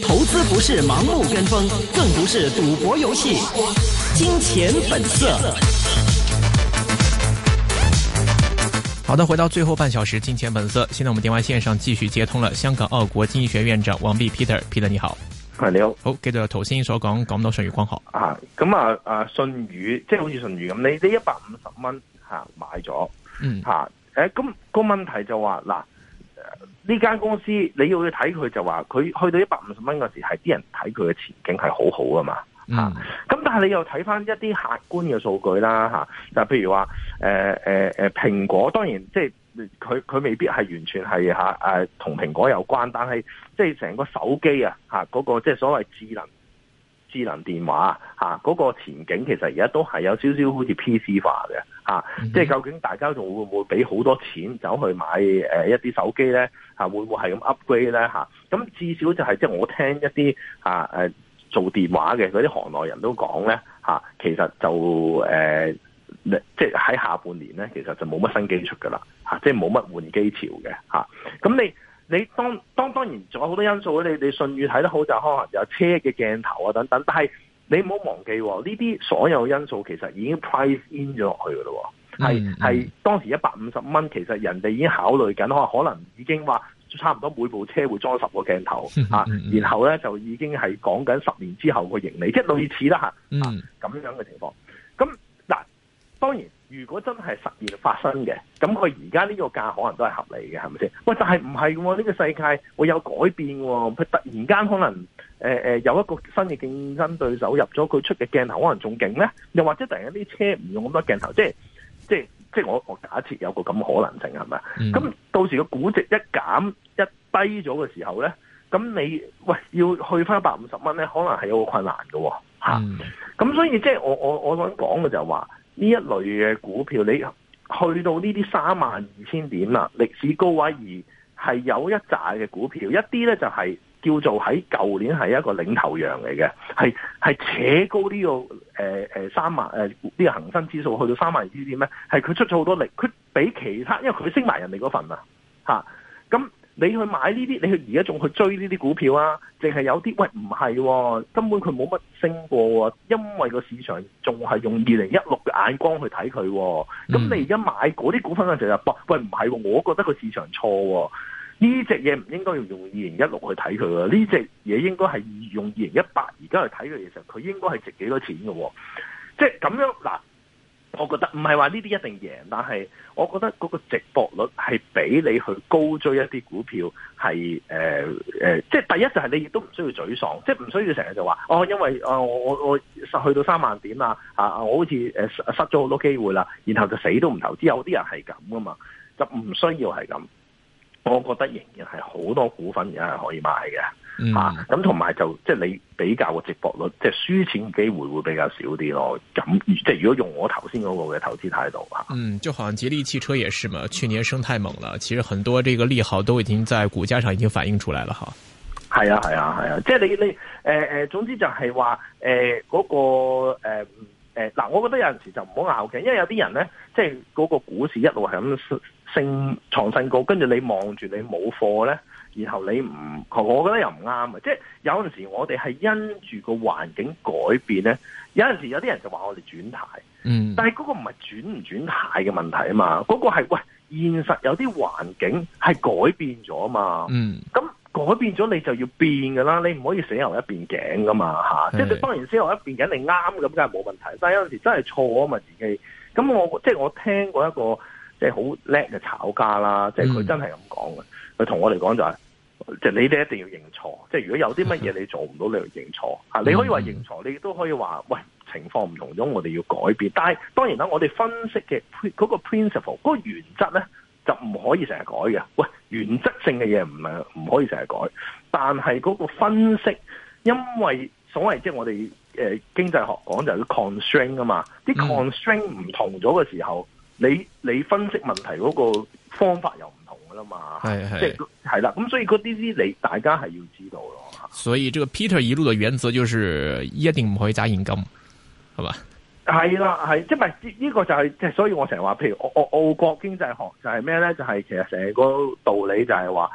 投資不是盲目跟風，更不是賭博遊戲。金錢本色。好的，回到最後半小時，金錢本色。現在我們電話線上繼續接通了香港奧國經濟學院長王弼 Peter，Peter 你好，你好。好，繼續頭先所講講到舜宇光學啊，咁啊啊舜宇，即係好似舜宇咁，你呢一百五十蚊吓買咗，嗯吓，誒，咁個問題就話嗱。呢間公司你要去睇佢，就話佢去到一百五十蚊嘅時，係啲人睇佢嘅前景係好好啊嘛，吓、嗯、咁、啊、但係你又睇翻一啲客觀嘅數據啦吓，就、啊、譬如話誒誒誒蘋果，當然即係佢佢未必係完全係吓誒同蘋果有關，但係即係成個手機啊吓嗰、嗰個即係所謂智能智能電話啊吓嗰、嗰個前景其實而家都係有少少好似 PC 化嘅。 啊！即係究竟大家仲會唔會俾好多錢走去買誒、呃、一啲手機咧？嚇、啊、會唔會係咁 upgrade 咧？嚇、啊、咁至少就係、是、即係我聽一啲啊誒做電話嘅嗰啲行內人都講咧嚇，其實就誒、呃、即係喺下半年咧，其實就冇乜新機出㗎啦嚇，即係冇乜換機潮嘅嚇。咁、啊、你你當當當然仲有好多因素咧。你你信譽睇得好就可能有車嘅鏡頭啊等等，但係。你唔好忘記，呢啲所有因素其實已經 price in 咗落去嘅咯，係、mm-hmm. 係當時一百五十蚊，其實人哋已經考慮緊，可能可能已經話差唔多每部車會裝十個鏡頭、mm-hmm. 啊、然後咧就已經係講緊十年之後嘅盈利，即係類似啦吓咁樣嘅情況。咁、啊、嗱，當然。如果真係實現發生嘅，咁佢而家呢個價可能都係合理嘅，係咪先？喂，但係唔係喎？呢個世界會有改變喎？佢突然間可能誒、呃、有一個新嘅競爭對手入咗，佢出嘅鏡頭可能仲勁咧。又或者突然間啲車唔用咁多鏡頭，即係即係即係我我假設有個咁嘅可能性係咪？咁、嗯、到時個估值一減一低咗嘅時候咧，咁你喂要去翻一百五十蚊咧，可能係有個困難嘅喎。咁、啊嗯、所以即係我我我想講嘅就係話。呢一類嘅股票，你去到呢啲三萬二千點啦，歷史高位而係有一扎嘅股票，一啲咧就係叫做喺舊年係一個領頭羊嚟嘅，係係扯高呢個誒誒三萬誒呢個恒生指數去到三萬二千點咧，係佢出咗好多力，佢俾其他因為佢升埋人哋嗰份啊，吓咁。你去買呢啲，你去而家仲去追呢啲股票啊？淨係有啲喂唔係、喎，根本佢冇乜升過，因為個市場仲係用二零一六嘅眼光去睇佢。咁、嗯、你而家買嗰啲股份陣時，就係：「喂唔係、喎，我覺得個市場錯、喎，呢隻嘢唔應該用二零一六去睇佢。呢隻嘢應該係用二零一八而家去睇佢，其實佢應該係值幾多錢嘅。即係咁樣嗱。我覺得唔係話呢啲一定贏，但係我覺得嗰個直播率係比你去高追一啲股票係誒誒，即係第一就係你亦都唔需要沮喪，即係唔需要成日就話哦，因為啊、哦、我我我去到三萬點啊啊，我好似誒、呃、失咗好多機會啦，然後就死都唔投資，有啲人係咁噶嘛，就唔需要係咁。我覺得仍然係好多股份仍然係可以買嘅。嗯、啊咁同埋就即係你比較個值博率，即係輸錢機會會比較少啲咯。咁即係如果用我頭先嗰個嘅投資態度吓，嗯，就好像吉利汽車也是嘛，去年升太猛啦，其實很多這個利好都已經在股價上已經反映出來了哈。係啊係啊係啊，啊，即係你你誒誒、呃，總之就係話誒嗰個誒誒嗱，我覺得有陣時就唔好拗嘅，因為有啲人咧，即係嗰個股市一路係咁升創新高，跟住你望住你冇貨咧。然後你唔，我覺得又唔啱啊！即係有陣時我哋係因住個環境改變咧，有陣時有啲人就話我哋轉態，嗯，但係嗰個唔係轉唔轉態嘅問題啊嘛，嗰、嗰個係喂，現實有啲環境係改變咗啊、嗯、嘛，嗯，咁改變咗你就要變噶啦，你唔可以死牛一邊頸噶嘛嚇，即係你當然死牛一邊頸你啱咁梗係冇問題，但係有陣時真係錯啊嘛自己，咁我即係我聽過一個。即係好叻嘅炒家啦，即係佢真係咁講嘅。佢、嗯、同我哋講就係、是，即、就、係、是、你哋一定要認錯。即、就、係、是、如果有啲乜嘢你做唔到，你認錯你可以話認錯，你亦都可以話喂，情況唔同咗，我哋要改變。但係當然啦，我哋分析嘅嗰 prin, 個 principle，嗰個原則咧就唔可以成日改嘅。喂，原則性嘅嘢唔係唔可以成日改，但係嗰個分析，因為所謂即係我哋誒、呃、經濟學講就係 constraint 啊嘛，啲 constraint 唔同咗嘅時候。嗯你你分析問題嗰個方法又唔同噶啦嘛，即係係啦，咁所以嗰啲啲你大家係要知道咯。所以，呢個 Peter 一路嘅原則就係一定唔可以揸現金，係嘛？係啦，係，即係呢個就係即係？所以我成日話，譬如我澳澳國經濟學就係咩咧？就係、是、其實成個道理就係話，誒、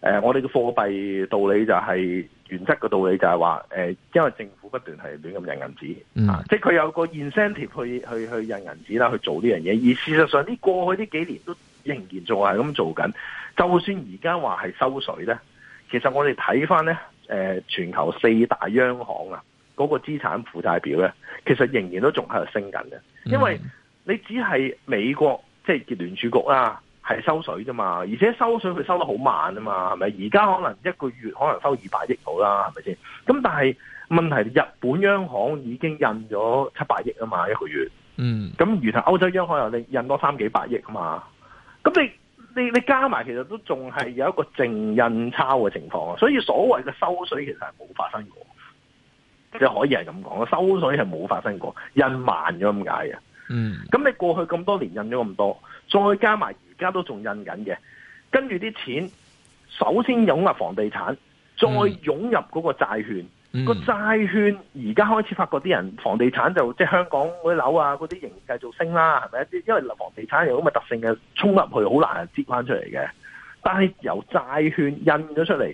呃，我哋嘅貨幣道理就係、是。原則個道理就係話、呃，因為政府不斷係亂咁印銀紙、嗯，啊，即係佢有個 incentive 去去去印銀紙啦，去做呢樣嘢。而事實上，呢過去呢幾年都仍然仲係咁做緊。就算而家話係收水咧，其實我哋睇翻咧，誒、呃，全球四大央行啊，嗰個資產負債表咧，其實仍然都仲喺度升緊嘅。因為你只係美國，即係聯儲局啦。係收水啫嘛，而且收水佢收得好慢啊嘛，係咪？而家可能一個月可能收二百億到啦，係咪先？咁但係問題，日本央行已經印咗七百億啊嘛，一個月。嗯。咁，然後歐洲央行又印印多咗三幾百億啊嘛。咁你你你加埋，其實都仲係有一個淨印鈔嘅情況啊。所以所謂嘅收水，其實係冇發生過。就可以係咁講收水係冇發生過，印慢咗咁解啊。嗯。咁你過去咁多年印咗咁多，再加埋。而家都仲印緊嘅，跟住啲錢首先湧入房地產，再湧入嗰個債券。嗯，個債券而家開始發覺啲人，房地產就即係香港嗰啲樓啊，嗰啲仍然繼續升啦，係咪？因為房地產有咁嘅特性嘅，沖入去好難接翻出嚟嘅。但係由債券印咗出嚟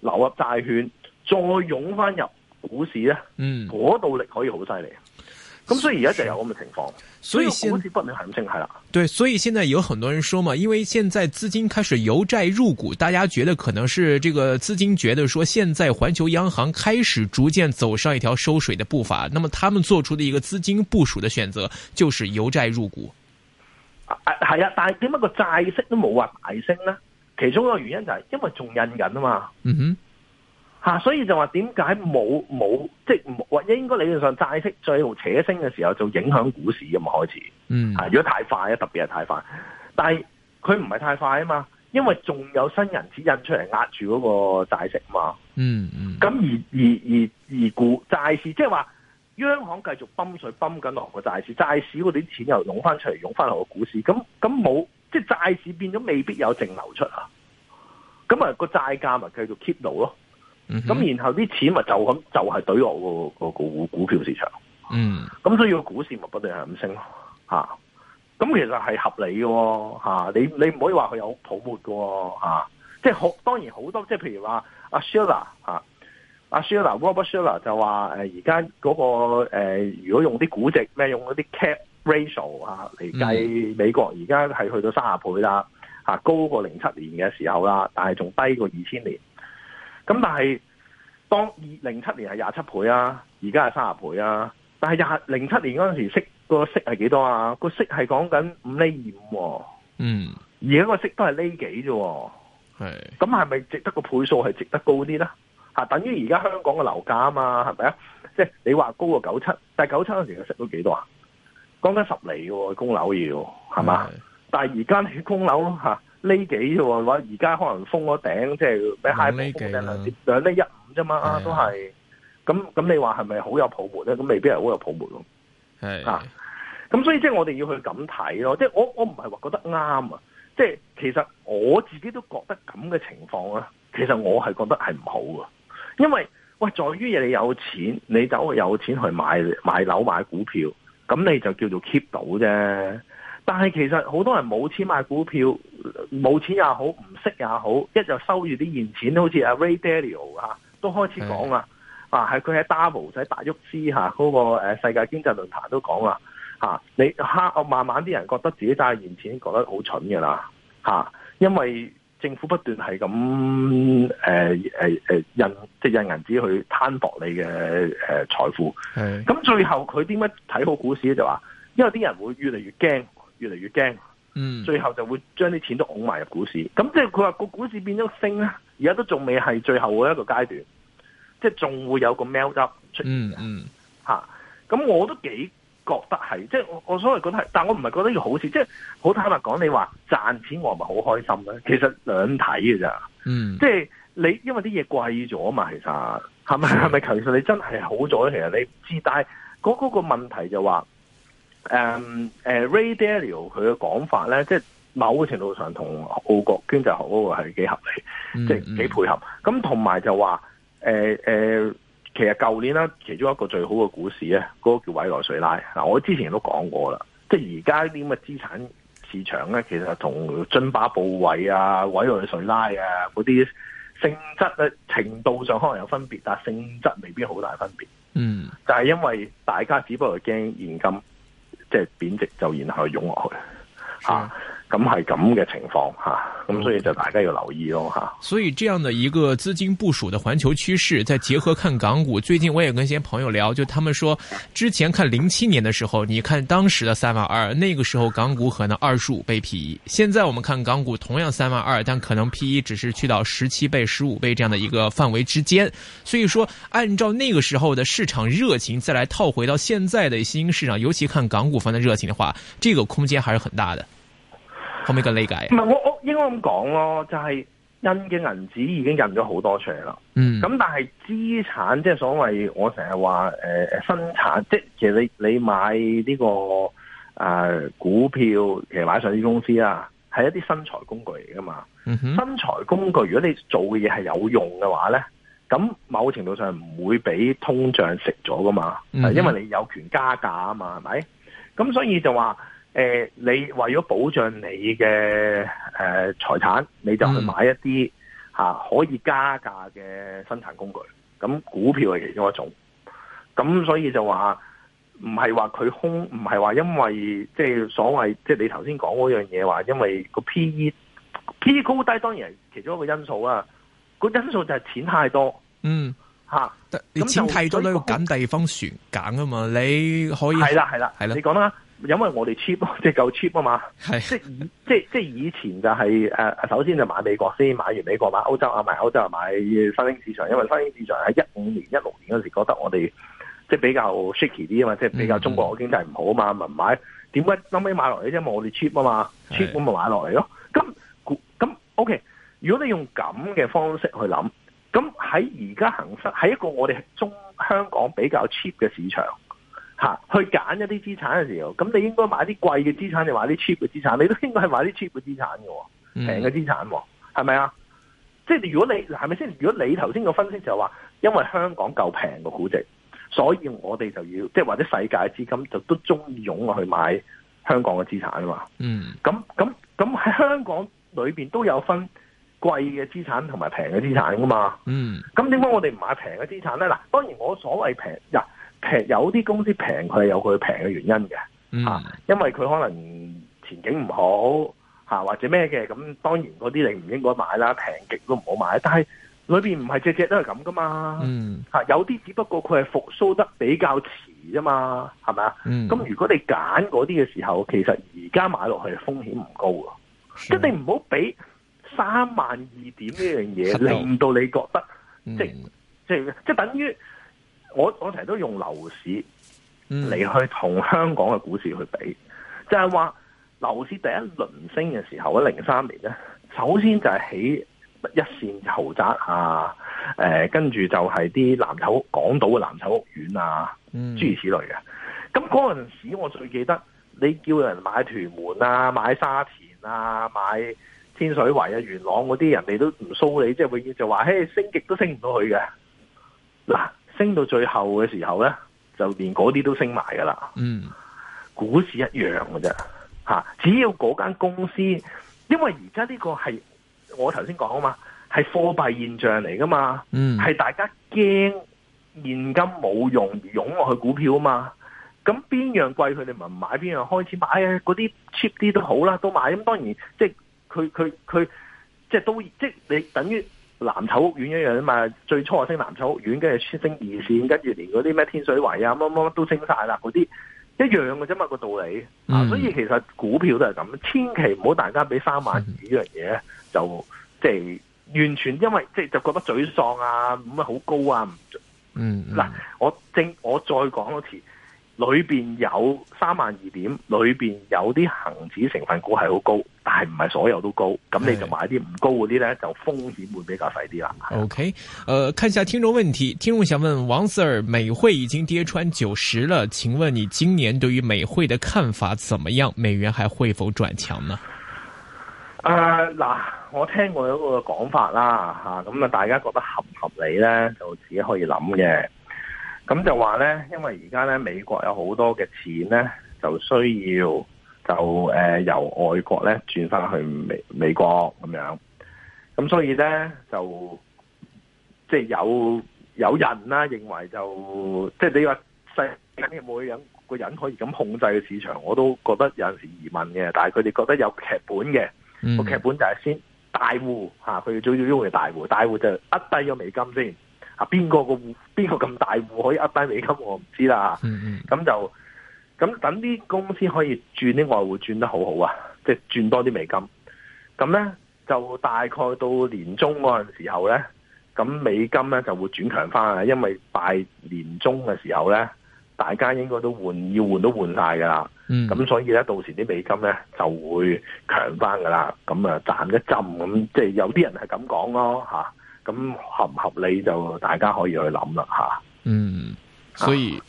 流入債券，再湧翻入股市咧，嗰、嗯、度力可以好犀利。咁所以而家就有咁嘅情況，所以先至不能行政係啦。對，所以現在有很多人說嘛，因為現在資金開始由債入股，大家覺得可能是這個資金覺得說，現在環球央行開始逐漸走上一條收水的步伐，那麼他們做出的一個資金部署的選擇就是由債入股。啊，係啊，但係點解個債息都冇話大升呢？其中一個原因就係因為仲印緊啊嘛。嗯哼。吓、啊，所以就話點解冇冇，即係或者應該理論上債息再度扯升嘅時候，就影響股市咁開始。嗯，嗯，如果太快啊，特別係太快，但係佢唔係太快啊嘛，因為仲有新銀紙印出嚟壓住嗰個債息啊嘛。嗯咁、嗯、而而而而股債市，即係話央行繼續泵水泵緊落個債市，債市嗰啲錢又湧翻出嚟，湧翻落個股市。咁咁冇即係債市變咗未必有淨流出啊。咁啊個債價咪繼續 keep 到咯。咁、mm-hmm。然後啲錢咪就咁就係、是、對落個股股票市場，嗯，咁所以個股市咪不斷係咁升咯，咁、啊、其實係合理嘅、哦，嚇、啊，你你唔可以話佢有泡沫嘅，嚇、啊，即係好當然好多，即係譬如話阿 Shiller 嚇，阿 Shiller Robert Shiller 就話而家嗰個、呃、如果用啲估值咩用嗰啲 cap ratio 嚟、啊、計美國而家係去到三十倍啦、啊，高過零七年嘅時候啦，但係仲低過二千年。咁但係當二零七年係廿七倍啊，而家係三十倍啊。但係廿零七年嗰陣時息個息係幾多啊？個息係講緊五厘二五，嗯，而家個息都係呢幾啫。係咁係咪值得個倍數係值得高啲咧？吓、啊，等於而家香港嘅樓價啊嘛，係咪、就是、啊？即係你話高過九七，但係九七嗰陣時個息都幾多啊？講緊十厘嘅供樓要係嘛？但係而家你供樓吓。呢幾嘅、啊、話，而家可能封咗頂，即係比蟹 high 波高啲，兩得、啊、一五啫嘛、啊，都係咁咁。你話係咪好有泡沫咧？未必係好有泡沫咯。係啊，咁、啊、所以即係我哋要去咁睇咯。即係我我唔係話覺得啱啊。即係其實我自己都覺得咁嘅情況啊。其實我係覺得係唔好噶。因為喂，在於你有錢，你走有錢去買買樓買股票，咁你就叫做 keep 到啫。但係其實好多人冇錢買股票，冇錢也好，唔識也好，一就收住啲現錢，好似阿 Ray Dalio 啊，都開始講啦。啊，係佢喺 Davos 大鬱斯嚇嗰、啊、那個世界經濟論壇都講啦。嚇、啊、你我、啊、慢慢啲人覺得自己揸現錢覺得好蠢嘅啦。嚇、啊，因為政府不斷係咁誒誒誒印即係印銀紙去攤薄你嘅誒、啊、財富。咁最後佢點解睇好股市咧？就話因為啲人會越嚟越驚。越嚟越驚，嗯，最後就會將啲錢都拱埋入股市，咁即係佢話個股市變咗升咧，而家都仲未係最後嘅一個階段，即係仲會有個 melt up 出現，嗯嗯，咁、啊、我都幾覺得係，即係我我所謂覺得係，但我唔係覺得要好事。即係好坦白講，你話賺錢我咪好開心咧，其實兩睇嘅咋，嗯，即、就、係、是、你因為啲嘢貴咗嘛，其實係咪係咪其實你真係好咗咧？其實你自知，但係嗰個問題就話。誒、um, 誒，Ray Dalio 佢嘅講法咧，即係某個程度上同澳國經濟學嗰個係幾合理，即係幾配合。咁同埋就話，誒、呃、誒、呃，其實舊年咧，其中一個最好嘅股市咧，嗰、那個叫委內瑞拉。嗱，我之前都講過啦，即係而家啲咁嘅資產市場咧，其實同津巴布韋啊、委內瑞拉啊嗰啲性質咧，程度上可能有分別，但係性質未必好大分別。嗯、mm-hmm.，就係因為大家只不過驚現金即係貶值，就然後湧落去嚇。咁係咁嘅情況吓，咁所以就大家要留意咯吓。所以，這樣的一個資金部署的環球趨勢，再結合看港股。最近我也跟一些朋友聊，就他們說，之前看零七年的時候，你看當時的三萬二，那個時候港股可能二十五倍 P E。現在我們看港股同樣三萬二，但可能 P E 只是去到十七倍、十五倍這樣的一個範圍之間。所以說，按照那個時候的市場熱情，再來套回到現在的新市場，尤其看港股方的熱情的話，這個空間還是很大的。可唔可以咁理解？唔係，我我應該咁講咯，就係、是、印嘅銀紙已經印咗好多出嚟啦。嗯，咁但係資產，即係所謂我成日話誒，生產，即係其實你你買呢、這個誒、呃、股票，其實買上市公司啊，係一啲生財工具嚟噶嘛。嗯哼，生財工具，如果你做嘅嘢係有用嘅話咧，咁某程度上唔會俾通脹食咗噶嘛。嗯，因為你有權加價啊嘛，係咪？咁所以就話。誒、呃，你為咗保障你嘅誒財產，你就去買一啲吓、嗯啊、可以加價嘅生產工具，咁股票係其中一種。咁所以就話唔係話佢空，唔係話因為即係所謂即係你頭先講嗰樣嘢話，因為個 P E P E 高低當然係其中一個因素啊。個因素就係錢太多，嗯吓、啊，你錢太多都要揀地方選揀啊嘛。你可以係啦係啦係啦，你講啦。因為我哋 cheap 即係夠 cheap 啊嘛， 即即即以前就係、是、誒、呃，首先就買美國先，買完美國買歐洲啊，買歐洲啊買新興市場，因為新興市場喺一五年、一六年嗰時覺得我哋即係比較 shaky 啲啊嘛，即係比較中國嘅經濟唔好啊嘛，唔 買。點解後尾買落嚟啫？因為我哋 cheap 啊嘛，cheap 咁咪買落嚟咯。咁咁 OK，如果你用咁嘅方式去諗，咁喺而家恆生喺一個我哋中香港比較 cheap 嘅市場。吓，去揀一啲資產嘅時候，咁你應該買啲貴嘅資產你買啲 cheap 嘅資產？你都應該係買啲 cheap 嘅資產嘅，平嘅資產，係咪啊？嗯、即係如果你係咪先？如果你頭先個分析就話，因為香港夠平個估值，所以我哋就要即係或者世界嘅資金就都中意湧落去買香港嘅資產啊、嗯、嘛。嗯，咁咁咁喺香港裏邊都有分貴嘅資產同埋平嘅資產噶嘛。嗯，咁點解我哋唔買平嘅資產咧？嗱，當然我所謂平嗱。有啲公司平，佢係有佢平嘅原因嘅，吓、嗯，因為佢可能前景唔好吓或者咩嘅，咁當然嗰啲你唔應該買啦，平極都唔好買。但係裏邊唔係隻隻都係咁噶嘛，吓、嗯，有啲只不過佢係復蘇得比較遲啫嘛，係咪啊？咁、嗯、如果你揀嗰啲嘅時候，其實而家買落去風險唔高噶，咁、嗯、你唔好俾三萬二點呢樣嘢令到你覺得、嗯、即係即係即係等於。我我成日都用樓市嚟去同香港嘅股市去比，嗯、就係話樓市第一輪升嘅時候，喺零三年咧，首先就係起一線豪宅啊，誒、呃，跟住就係啲藍籌、港島嘅藍籌屋苑啊，諸如此類嘅。咁嗰陣時我最記得，你叫人買屯門啊，買沙田啊，買天水圍啊，元朗嗰啲，人哋都唔騷你，即係永遠就話，嘿，升極都升唔到去嘅，嗱。升到最後嘅時候咧，就連嗰啲都升埋噶啦。嗯，股市一樣噶啫，吓，只要嗰間公司，因為而家呢個係我頭先講啊嘛，係貨幣現象嚟噶嘛，嗯，係大家驚現金冇用而湧落去股票啊嘛。咁邊樣貴佢哋咪唔買邊樣開始買啊？嗰啲 cheap 啲都好啦，都買。咁當然，即係佢佢佢，即係都即係你等於。藍籌屋苑一樣啊嘛，最初係升藍籌屋苑，跟住先升二線，跟住連嗰啲咩天水圍啊，乜乜乜都升晒啦，嗰啲一樣嘅啫嘛個道理，嗯。啊，所以其實股票都係咁，千祈唔好大家俾三萬二呢樣嘢，嗯，就即係完全因為即係就覺得沮喪啊，唔乜好高啊，唔準嗯。嗱、嗯，我正我再講多次。裏邊有三萬二點，裏邊有啲恒指成分股係好高，但係唔係所有都高，咁你就買啲唔高嗰啲呢，就風險會比較細啲啦。OK，呃，看一下聽眾問題，聽眾想問王 Sir，美匯已經跌穿九十了，請問你今年對於美匯的看法怎麼樣？美元還會否轉強呢？誒、呃，嗱、呃，我聽過一個講法啦，吓咁啊，大家覺得合唔合理呢，就自己可以諗嘅。咁就話咧，因為而家咧美國有好多嘅錢咧，就需要就、呃、由外國咧轉翻去美美國咁樣，咁所以咧就即係有有人啦，認為就即係、就是、你話世緊係冇人個人可以咁控制嘅市場，我都覺得有陣時疑問嘅。但係佢哋覺得有劇本嘅個、嗯、劇本就係先大戶嚇，佢哋、啊、最中意用嘅大戶，大戶就壓低咗美金先。啊，邊個個戶邊個咁大戶可以呃低美金，我唔知啦。咁 就咁等啲公司可以轉啲外匯轉得好好啊，即係轉多啲美金。咁呢，就大概到年中嗰陣時候呢，咁美金呢就會轉強翻啊，因為拜年中嘅時候呢，大家應該都換要換都換晒㗎啦。咁 所以呢，到時啲美金呢就會強翻㗎啦。咁啊賺一針咁，即係有啲人係咁講咯嚇。啊咁合唔合理就大家可以去諗啦吓。嗯，所以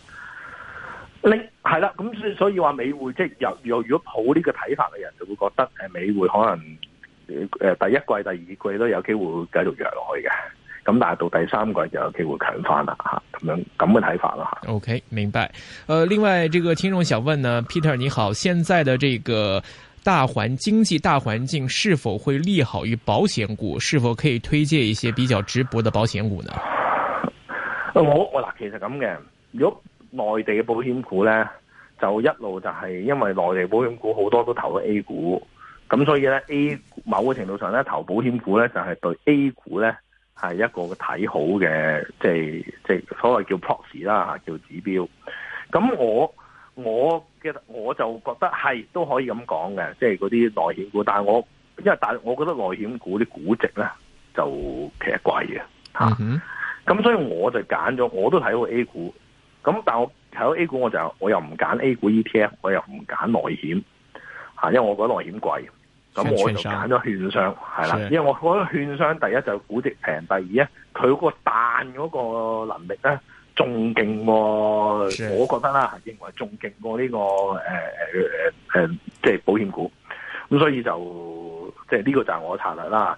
你係啦，咁、啊、所以話美匯即係又又如果抱呢個睇法嘅人，就會覺得誒美匯可能誒第一季、第二季都有機會繼續弱落去嘅。咁但係到第三季就有機會強返啦吓。咁樣咁嘅睇法啦吓。O、okay, K，明白。誒、呃，另外，這個聽眾想問呢，Peter 你好，現在的呢個。大環經濟大環境是否會利好於保險股？是否可以推介一些比較值博的保險股呢？我嗱，其實咁嘅，如果內地嘅保險股呢，就一路就係因為內地保險股好多都投咗 A 股，咁所以呢 A 股某個程度上呢，投保險股呢，就係、是、對 A 股呢係一個睇好嘅，即係即所謂叫 proxy 啦叫指標。咁我。我嘅，我就覺得係都可以咁講嘅，即係嗰啲內險股。但係我因為，但係我覺得內險股啲估值咧就其實貴嘅吓。咁所以我就揀咗，我都睇好 A 股。咁但係我睇好 A 股，我就我又唔揀 A 股 ETF，我又唔揀內險吓，因為我覺得內險貴。咁、嗯啊、我就揀咗券商係啦，因為我覺得券商第一就係估值平，第二咧佢個彈嗰個能力咧。仲勁過，我覺得啦，認為仲勁過呢、這個誒誒誒誒，即、呃、係、呃呃就是、保險股。咁所以就即係呢個就是我嘅策略啦。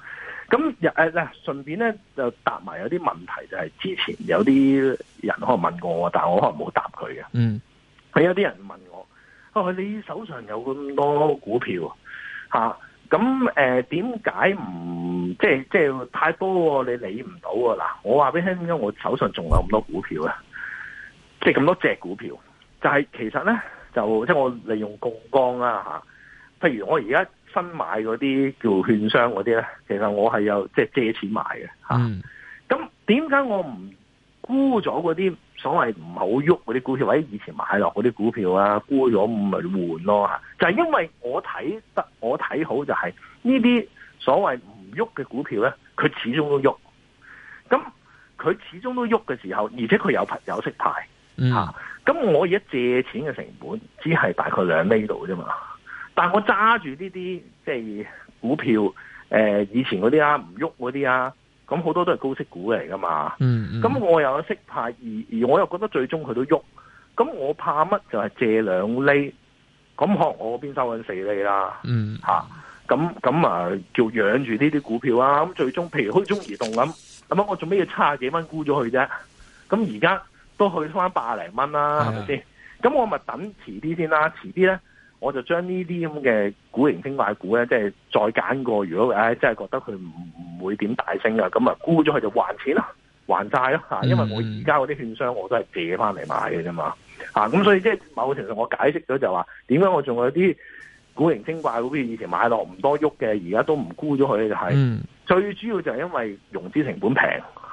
咁誒嗱，順便咧就答埋有啲問題，就係、是、之前有啲人可能問過我，但係我可能冇答佢嘅。嗯，係有啲人問我，哦、啊，你手上有咁多股票啊？咁誒，點解唔即係即係太多你理唔到啊？嗱，我話俾你聽點解我手上仲有咁多股票啊，即係咁多隻股票，就係、是、其實咧就即係我利用槓桿啦嚇，譬如我而家新買嗰啲叫券商嗰啲咧，其實我係有即係借錢買嘅嚇，咁點解我唔？沽咗嗰啲所謂唔好喐嗰啲股票，或者以前買落嗰啲股票啊，沽咗唔咪換咯吓。就係因為我睇得我睇好就係呢啲所謂唔喐嘅股票咧，佢始終都喐。咁佢始終都喐嘅時候，而且佢有派有息派吓。咁我而家借錢嘅成本只係大概兩厘度啫嘛。但係我揸住呢啲即係股票，呃、以前嗰啲啊唔喐嗰啲啊。咁好多都係高息股嚟噶嘛。咁、嗯嗯、我又識怕，而而我又覺得最終佢都喐，咁我怕乜就係借兩厘。咁可能我嗰邊收緊四厘啦、咁、嗯、咁啊，啊叫養住呢啲股票啦、啊，咁最終譬如好似中移動咁，咁我做咩要差幾蚊沽咗佢啫？咁而家都去翻八嚟零蚊啦，係咪先？咁我咪等遲啲先啦、啊，遲啲咧。我就將呢啲咁嘅古靈精怪股咧，即係再揀過，如果唉真係覺得佢唔會點大升啊，咁啊沽咗佢就還錢咯，還債咯吓，因為我而家嗰啲券商我都係借翻嚟買嘅啫嘛，吓、啊、咁所以即係某個程度我解釋咗就話、是，點解我仲有啲古靈精怪股，以前買落唔多喐嘅，而家都唔沽咗佢、就是，就、嗯、係最主要就係因為融資成本平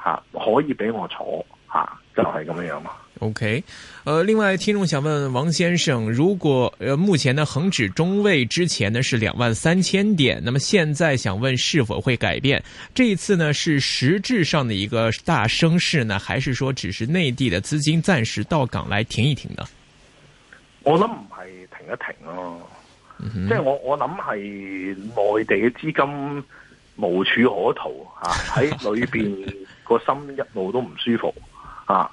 吓、啊，可以俾我坐吓、啊，就係、是、咁樣樣嘛。OK，呃，另外，聽眾想問王先生，如果呃，目前呢恒指中位之前呢是兩萬三千點，那麼現在想問是否會改變？這一次呢是實質上的一個大升勢呢，還是說只是內地的資金暫時到港來停一停呢？我諗唔係停一停咯、啊，即、嗯、係、就是、我我諗係內地嘅資金無處可逃啊，喺裏邊個心一路都唔舒服啊。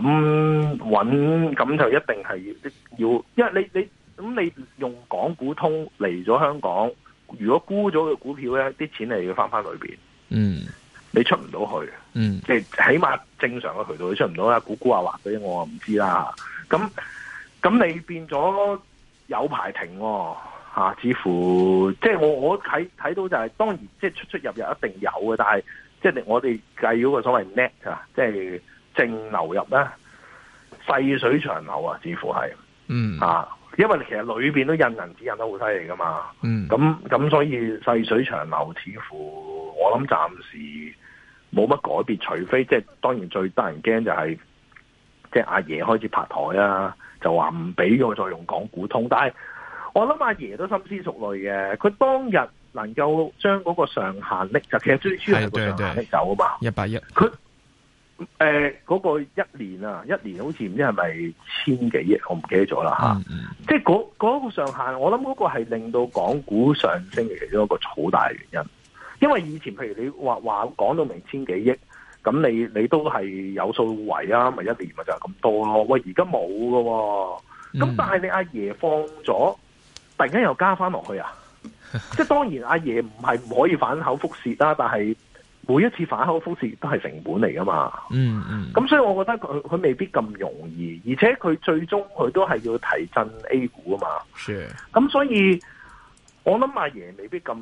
咁穩咁就一定係要，要，因為你你咁你用港股通嚟咗香港，如果沽咗嘅股票咧，啲錢你要翻翻裏邊，嗯，你出唔到去，嗯，即係起碼正常嘅渠道，你出唔到啦。估估下或畀我唔知啦。咁、嗯、咁你變咗有排停吓、哦啊，似乎即係我我睇睇到就係、是，當然即係出出入入一定有嘅，但係即係我哋計嗰個所謂 net 啊，即係。淨流入咧，細水長流啊，似乎係，啊，因為其實裏邊都印銀紙印得好犀利噶嘛，咁、嗯、咁所以細水長流，似乎我諗暫時冇乜改變，除非即係當然最得人驚就係、是，即係阿爺開始拍台啊，就話唔俾佢再用港股通，但係我諗阿爺都深思熟慮嘅，佢當日能夠將嗰個上限拎就其實最主要係個上限拎走啊嘛，一百一，佢。誒、呃，嗰、那個一年啊，一年好似唔知係咪千幾億，我唔記得咗啦吓。即係嗰、那個上限，我諗嗰個係令到港股上升嘅其中一個好大原因。因為以前譬如你話話講到明千幾億，咁你你都係有數為啊，咪一年咪就係咁多咯。喂，而家冇噶，咁但係你阿爺放咗，突然間又加翻落去啊！嗯、即係當然 阿爺唔係唔可以反口覆舌啦，但係。每一次反口覆市都係成本嚟噶嘛？嗯嗯。咁所以我覺得佢佢未必咁容易，而且佢最終佢都係要提振 A 股啊嘛。是。咁所以，我諗阿爺未必咁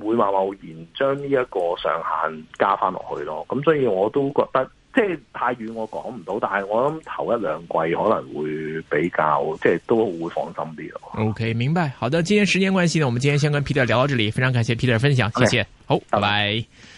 會話貿然將呢一個上限加翻落去咯。咁所以我都覺得即係太遠我講唔到，但係我諗頭一兩季可能會比較即係都會放心啲咯。OK，明白。好的，今天時間關係呢，我們今天先跟 Peter 聊到這裡，非常感謝 Peter 分享，謝謝。Okay, 好，拜拜。Bye bye